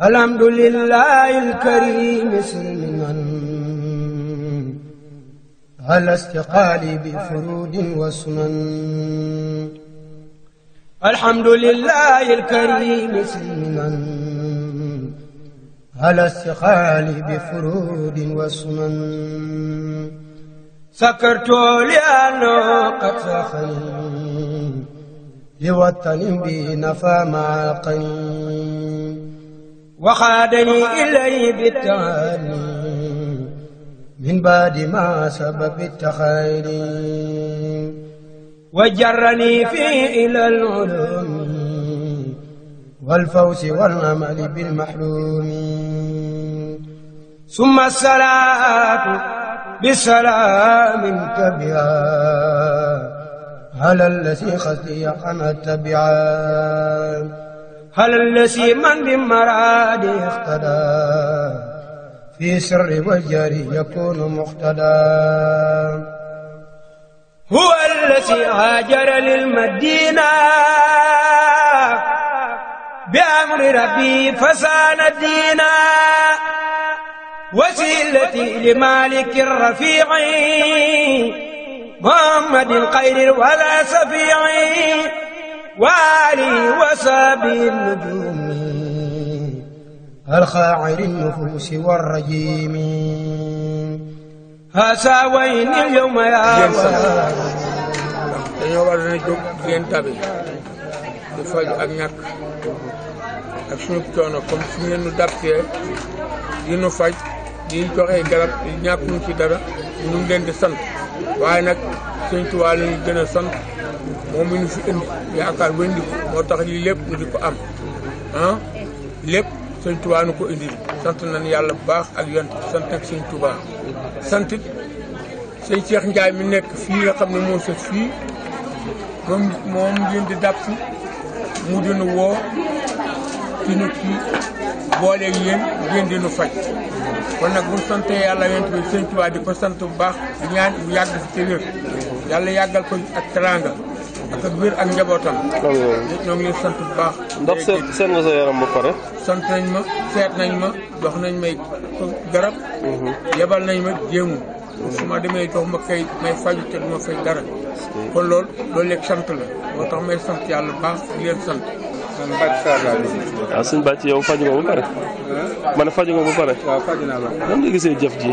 alhamdulillahi alkarim silmiman ala istiqaali bi furudin wa sunan alhamdulillahi alkarim silmiman ala istiqaali bi furudin wa sunan sakartu li'anna qad saxani li watani bi nafa maa qani waxaadani ilay bitaani min baadi ma sababi taxayri wa jarrani fii ilal ulumi wal fawsi wal amali bil mahrumi summa salaatu bi salaamin tabia ala allasi xasiya an tabia xalal la si man bi maraadi ixtada fi sirri wal jaari yakunu muxtada huwa allasi haajara lil madina bi amri rabbi fasaana diina wasilati li maliki rafiici muhammadin xayril wala safiici وآله وصحبه النجوم الخاعر النفوس والرجيم هسا وين اليوم يا dañoo war na coono comme su ngeen nu dàppee di nu faj di joxe garab di ñàkkuñu ci dara ñu ngi di sant waaye nag Sëñ Tuubaa la ñu sant moom mi ñu fi indi yaakaar wëndi ko moo tax lii lépp ñu di ko am ah lépp sëñ Tuubaa nu ko indil sant nañ yàlla bu baax ak yont sant ak sëñ Tuubaa sant it sëñ Cheikh Ndiaye mi nekk fii nga xam ne moo sët fii moom moom ngeen di dàpp mu dinu woo ci ñu ci booleeg yéen ngeen dinu faj kon nag mu sante yàlla yont bi sëñ Tuubaa di ko sant bu baax di ñaan mu yàgg fi ci wér yàlla yàggal ko ak teraanga ak ak wér ak njabootam. ñoo ngi leen sant bu baax. ndax seet seet nga sa yaram ba pare. sant nañ ma seet nañ ma dox nañ may garab. Mhm. yebal nañ ma jéemu. Mhm. su ma demee jox ma kay may faju te duma fay dara. kon loolu loolu léegi sant la moo tax may sant yàlla bu baax di leen sant. waaw suñu bàcc yow faj nga ba pare. ma ne faj nga ba pare. waaw faj naa ba pare. nan nga gisee jëf ji.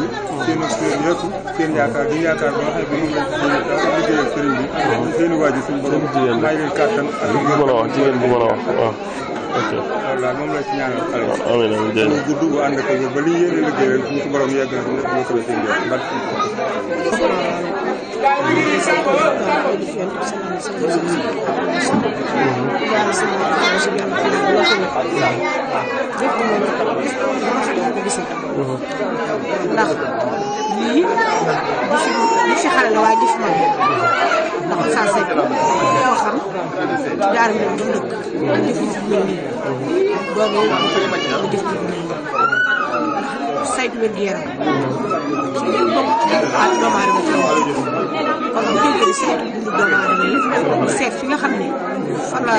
bi seen seen yëpp seen yaakaar bi yaakaar ba nga xam ne moom lañ ko bi seen waajur suñu borom may leen kàttan bu mën a wax jigéen bu mën a wax waaw moom la ci ñaanal xale bi amiin amiin jërëjëf ñu gudd ànd ak ba li yéen a liggéeyal suñu borom yegg na ñu ko seen yëpp ndax lii li fi xale la waaye di fi mag ndax saa seet yoo xam jaar moom du dëkk ak jëf mu jëf jëf mel nii saytu wér-gu-yaram ci bokk ak doomu aadama kon bu ñu jógee si dundu doomu aadama yëpp seet fi nga xam ne fa la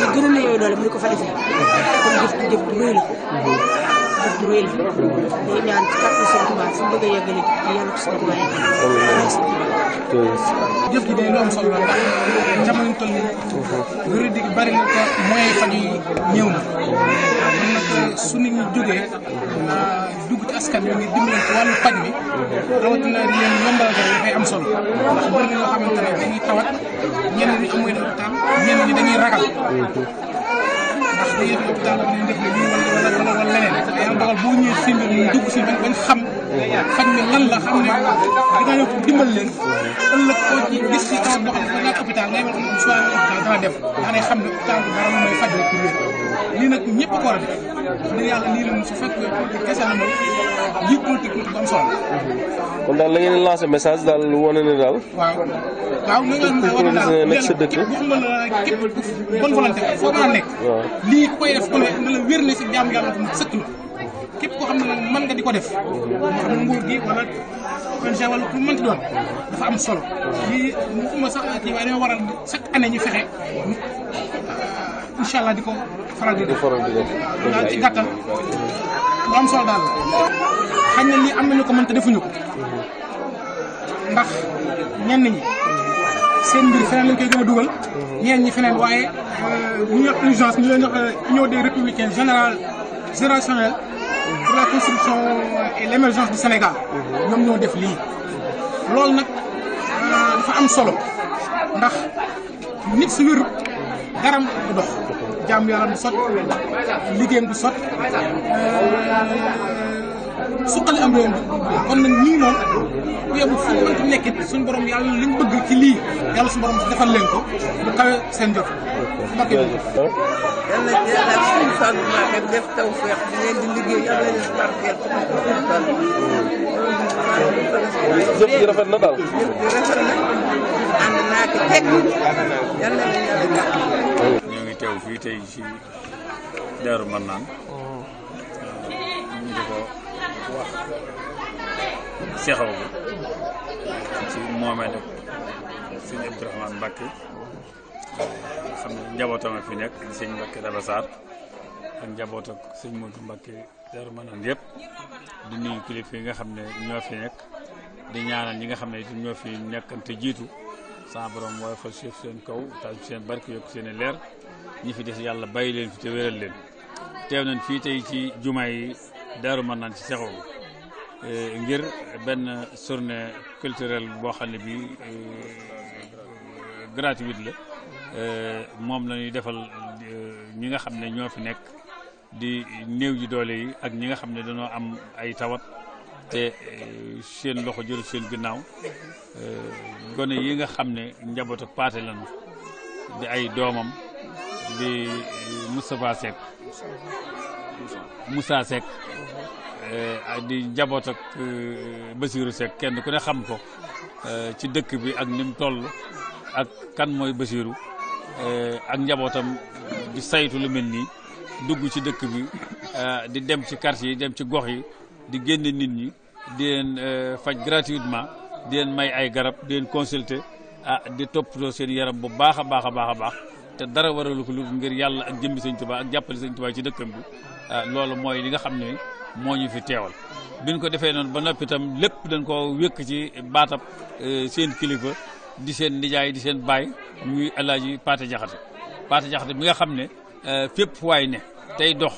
ñu gën ne yooyu doole mu ko fa defee kon jëf jëf du rëy la jëf du rëy la day ñaan ci kàttan Sëñ Tuubaa fu mu bëgg a yeggali yàlla ko Sëñ Tuubaa jëf gi day lu bari na ko moyens faj yi ñëw na. kon nag jógee ah, dugg ci askan wi ngir dimbali ci wàllu paj mi rawatina na loo xamante ne dañuy tawat ñenn ñi amuy hôpital ñenn ñi ragal. ba mu def ne lii wala wala leneen. ay dogal boo ñëwee si mbir mi dugg si xam. xam ne lan la xam ne dinaa yokk dimbal leen ëllëg koo ci gis ci taw boo xam ne laaj hôpital ngay wax ne choix hôpital dama def daa day xam ne hôpital bi dara lu may faj rek pour wér lii nag ñëpp ko war a def ndax yàlla nii la su fekkee politique kese la mooy lii politique bi am solo kon daal la ngeen di lancer message daal wane ne daal waaw waaw loolu la ñu war a daal nekk sa dëkk waxuma la képp bonne volonté foo mën a nekk lii ku koy def ku ne na la wér ne si jaam yàlla sëkk la képp koo xam ne mën nga di ko def moo xam nguur gi wala ONG wala ku mënti doon dafa am solo lii ma sax kii waaye dañoo waral chaque année ñu fexe incha daal ci gàttal lu am solo daal xañ na lii am nañu ko mën te defuñu ko ndax ñenn ñi seen mbir feneen lañ ñi feneen waaye euh, ñu yor urgence ñu leen jox euh, union des général générationnel pour la construction et l' émergence du Sénégal. ñoom ñoo def lii. loolu nag euh, dafa am solo ndax nit su wér garam du dox jàmm yàlla du sot liggéeyam du sot. Euh, suqali am réew kon nag ñii moom ku yebbu fu ñu mënti nekkit suñu borom yàlla liñ bëgg ci lii yàlla suñu borom defal leen ko bu kawe seen jot. mbàkk yi yàlla yàlla suñu Fallou Mbacké def taw feex di leen di liggéey yàlla leen barkeel jëf ji rafet na daal jëf ji rafet na ànd naa ko teg yàlla na yàlla ñu ngi teew fii tey ci Daaru Marnaan seexaw bi ci moomeel sëñ Abdourahmane Mbacke xam ne njabootam a fi nekk di sëñ Mbacke Daba Sarr ak njaboot ak sëñ Modou Mbacke Darou Manane yëpp di nuyu kilifa yi nga xam ne ñoo fi nekk di ñi nga xam ne itam ñoo fi nekkante jiitu sa borom waaye fa suuf seen kaw taal seen barke yokk seen leer ñi fi des yàlla bàyyi leen fi te wéral leen teew nañ fii tey ci jumaa yi Daaru Marnaan ci Seexu eh, ngir benn journée culturelle boo xam ne bii eh, gratuite la eh, moom lañuy defal ñi nga xam ne ñoo fi nekk di néew ji doole yi ak ñi nga xam ne dañoo am ay tawat te seen loxo jëru seen ginnaaw gone yi nga xam ne njabootu paate lañu di ay doomam di Moustapha Seck Moussa Seck eh, di njaboot ak eh, Basirou Seck kenn ku ne xam ko eh, ci dëkk bi ak ni mu toll ak kan mooy Basirou ak njabootam di saytu lu mel nii dugg ci dëkk bi di dem ci quartier yi dem ci gox yi di génn nit ñi di leen faj gratuitement di leen may ay garab di leen consulter ah di topp too seen yaram bu baax a baax a baax a baax te dara waralu ko lu ngir yàlla ak jëmbi sëñ Tuubaa ak jàppale sëñ Tuubaa ci dëkkam bi Euh, loolu mooy li nga xam ne moo ñu fi teewal biñ ko defee noonu ba noppi itam lépp dañ ko wékk ci baatab euh, seen kilifa di seen nijaay di seen baay muy alaaji Paate Jaxate Paate Jaxate bi nga xam ne euh, fépp waay ne tey dox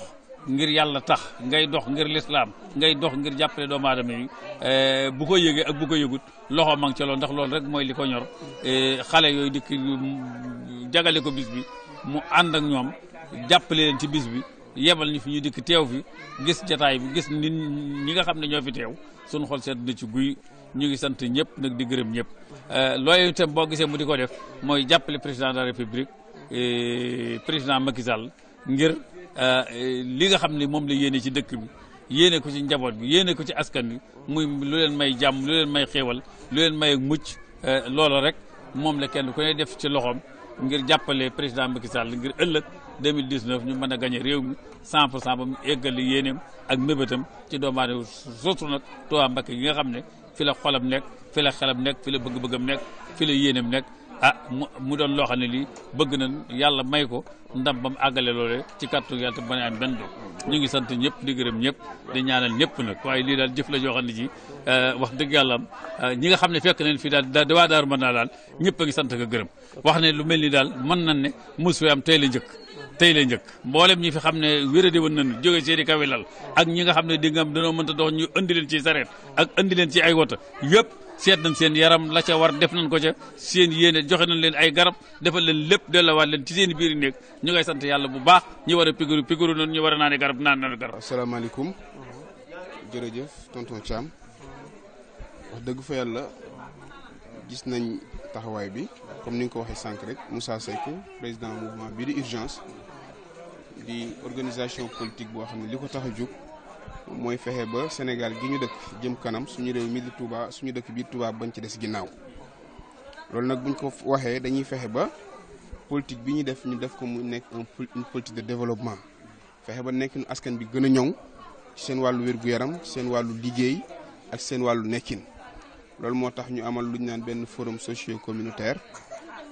ngir yàlla tax ngay dox ngir lislaam ngay dox ngir jàppale doomu aadama yi bu ko yëgee ak bu ko yëgut loxo ma ngi ca ndax loolu rek mooy li ko ñor xale yooyu dikk jagale ko bis bi mu ànd ak ñoom jàppale leen ci bis bi yebal ñu fi ñu dikk teew fi gis jataay bi gis nit ñi nga xam ne ñoo fi teew suñu xol seet na ci guy ñu ngi sant ñëpp nag di gërëm ñëpp euh, looyu itam boo gisee mu di ko def mooy jàppale président de euh, président Macky Sall ngir euh, li nga xam ne moom la yéene ci dëkk bi yéene ko ci njaboot bi yéene ko ci askan bi muy leen may jàmm may xéewal lu leen mucc loolu rek moom la kenn ku ne def ci loxoom ngir jàppale président Macky Sall ngir ëllëg 2019 ñu mën a gañe réew mi 100 pour cent ba mu eggali yéeneem ak mébétam ci doomu aadama surtout nag Tuubaa Mbàkke yi nga xam ne fi xolam nekk fi bëgg-bëggam nekk fi la nekk ah mu doon loo xam bëgg na yàlla may ko ndam ba mu àggale loole ci kàttu yàlla te mën a am benn doom ñu ngi sant ñëpp di gërëm ñëpp di ñaanal ñëpp nag waaye lii daal jëf la joo xam ji eh, wax dëgg yàlla eh, ñi nga xam ne fekk nañ fi daal da waa daaru mën naa daal ñëpp a ngi sant ko gërëm wax ne lu mel tey la njëkk mboolem ñi fi xam ne wéradi woon nañu jóge seeni kawi lal ak ñi nga xam ne di nga am danoo mënta dox ñu andi leen ci sareet ak andi leen ci ay wota yëpp seet nañ seen yaram la ca war def na ko ca seen yéene joxe nañ leen ay garab defal leen lépp delluwaat leen ci seen biir néeg ñu ngay sant yàlla bu baax ñi war a pikiru pikiru noonu ñu war a naan garab naan nañu garab. asalaamaaleykum jërëjëf tonton Thiam wax dëgg fa yàlla gis nañ taxawaay bi comme ni nga ko waxee sànq rek Moussa Seck président mouvement bii di urgence di organisation politique boo xam ne li ko tax a jóg mooy fexe ba Sénégal gi ñu dëkk jëm kanam suñu réew mi di Touba suñu dëkk bii Touba bañ ci des ginnaaw loolu nag buñ ko waxee dañuy fexe ba politique bi ñu def ñu def ko mu nekk une politique de développement fexe ba nekk askan bi gën a ñoŋ seen wàllu wér-gu-yaram seen wàllu liggéey ak seen wàllu nekkin. loolu moo tax ñu amal lu ñu naan benn forum socio communautaire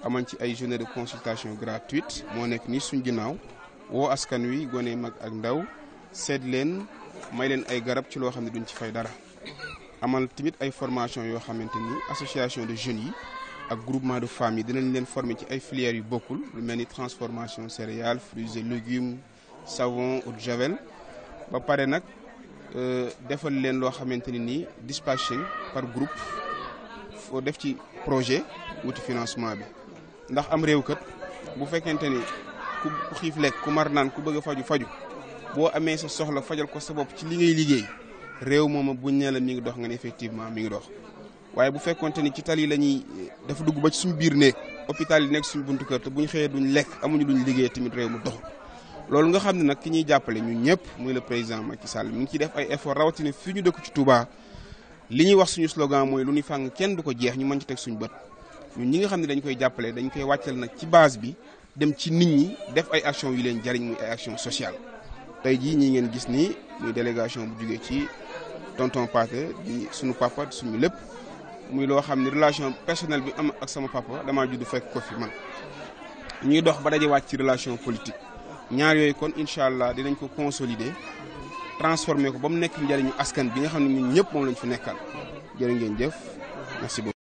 amal ci ay journée de consultation gratuite moo nekk nii suñ ginnaaw woo askan wi gone mag ak ndaw seet leen may leen ay garab ci loo xam ne duñ ci fay dara. amal tamit ay formation yoo xamante ni association de jeunes yi ak groupement de femmes yi dinañ leen former ci ay filières yu bokkul lu mel ni transformation céréales fruits et légumes savon eau de javel ba pare nag euh, defal leen loo xamante ni nii dispatching par groupe. def def ci projet wuti financement bi ndax am réew kat bu fekkente ni ku xiif lekk ku mar naan ku bëgg a faju faju boo amee sa soxla fajal ko sa bopp ci li liggéey réew moom buñ ne la mi ngi dox nga ne effectivement mi ngi dox waaye bu fekkonte ni ci tali la ñuy dafa dugg ba ci suñu biir néeg hôpital yi nekk suñu buntu kër te bu ñu xëyee duñ lekk amuñu luñ liggéey tamit réew mu dox loolu nga xam ne nag ki ñuy jàppale ñu ñëpp muy le président Macky Sall mu ngi ciy def ay effort rawatina fii ñu dëkk ci Touba li ñuy wax suñu slogan mooy lu ñu fàng kenn du ko jeex ñu mën ci teg suñu bët ñun ñi nga xam ne dañ koy jàppale dañ koy wàccal nag ci base bi dem ci nit ñi def ay action yu leen jariñ muy action sociale tey jii ñi ngeen gis nii muy délégation bu jógee ci tonton Pathé di suñu papa di suñu lépp muy loo xam ne relation personnelle bi am ak sama papa damaa judd fekk ko fi man ñuy dox ba dajewaat ci relation politique ñaar yooyu kon incha allah dinañ ko consolider transformé ko ba mu nekk njëriñu askan bi nga xam ne ñun ñëpp moom lañ fi nekkaan jërë ngeen jëf merci beaucoup